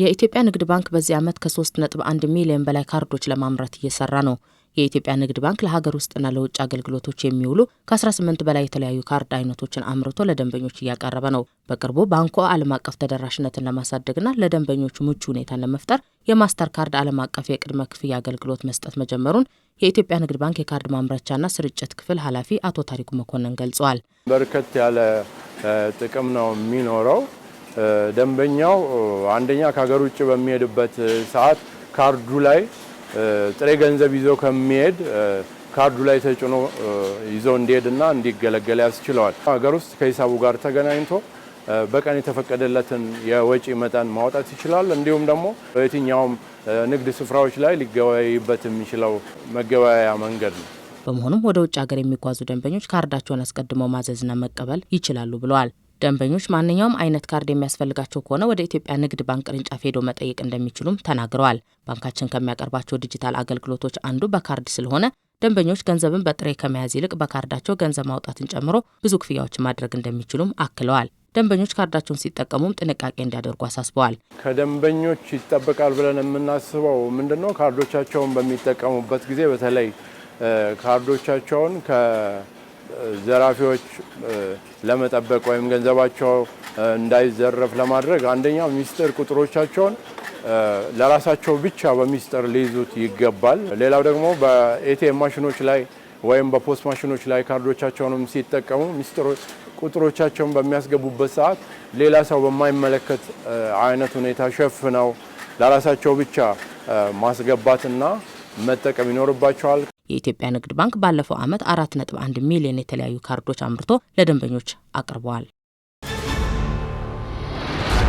የኢትዮጵያ ንግድ ባንክ በዚህ ዓመት ከ3.1 ሚሊዮን በላይ ካርዶች ለማምረት እየሰራ ነው። የኢትዮጵያ ንግድ ባንክ ለሀገር ውስጥና ለውጭ አገልግሎቶች የሚውሉ ከ18 በላይ የተለያዩ ካርድ አይነቶችን አምርቶ ለደንበኞች እያቀረበ ነው። በቅርቡ ባንኩ ዓለም አቀፍ ተደራሽነትን ለማሳደግና ለደንበኞቹ ምቹ ሁኔታን ለመፍጠር የማስተር ካርድ ዓለም አቀፍ የቅድመ ክፍያ አገልግሎት መስጠት መጀመሩን የኢትዮጵያ ንግድ ባንክ የካርድ ማምረቻና ስርጭት ክፍል ኃላፊ አቶ ታሪኩ መኮንን ገልጸዋል። በርከት ያለ ጥቅም ነው የሚኖረው ደንበኛው አንደኛ ከሀገር ውጭ በሚሄድበት ሰዓት ካርዱ ላይ ጥሬ ገንዘብ ይዞ ከሚሄድ ካርዱ ላይ ተጭኖ ይዞ እንዲሄድና እንዲገለገል ያስችለዋል። ሀገር ውስጥ ከሂሳቡ ጋር ተገናኝቶ በቀን የተፈቀደለትን የወጪ መጠን ማውጣት ይችላል። እንዲሁም ደግሞ በየትኛውም ንግድ ስፍራዎች ላይ ሊገበያይበት የሚችለው መገበያያ መንገድ ነው። በመሆኑም ወደ ውጭ ሀገር የሚጓዙ ደንበኞች ካርዳቸውን አስቀድመው ማዘዝና መቀበል ይችላሉ ብለዋል። ደንበኞች ማንኛውም አይነት ካርድ የሚያስፈልጋቸው ከሆነ ወደ ኢትዮጵያ ንግድ ባንክ ቅርንጫፍ ሄዶ መጠየቅ እንደሚችሉም ተናግረዋል። ባንካችን ከሚያቀርባቸው ዲጂታል አገልግሎቶች አንዱ በካርድ ስለሆነ ደንበኞች ገንዘብን በጥሬ ከመያዝ ይልቅ በካርዳቸው ገንዘብ ማውጣትን ጨምሮ ብዙ ክፍያዎችን ማድረግ እንደሚችሉም አክለዋል። ደንበኞች ካርዳቸውን ሲጠቀሙም ጥንቃቄ እንዲያደርጉ አሳስበዋል። ከደንበኞች ይጠበቃል ብለን የምናስበው ምንድን ነው? ካርዶቻቸውን በሚጠቀሙበት ጊዜ በተለይ ካርዶቻቸውን ዘራፊዎች ለመጠበቅ ወይም ገንዘባቸው እንዳይዘረፍ ለማድረግ አንደኛ ሚስጥር ቁጥሮቻቸውን ለራሳቸው ብቻ በሚስጥር ሊይዙት ይገባል። ሌላው ደግሞ በኤቲኤም ማሽኖች ላይ ወይም በፖስት ማሽኖች ላይ ካርዶቻቸውንም ሲጠቀሙ ሚስጥር ቁጥሮቻቸውን በሚያስገቡበት ሰዓት ሌላ ሰው በማይመለከት አይነት ሁኔታ ሸፍነው ለራሳቸው ብቻ ማስገባትና መጠቀም ይኖርባቸዋል። የኢትዮጵያ ንግድ ባንክ ባለፈው ዓመት 4.1 ሚሊዮን የተለያዩ ካርዶች አምርቶ ለደንበኞች አቅርበዋል።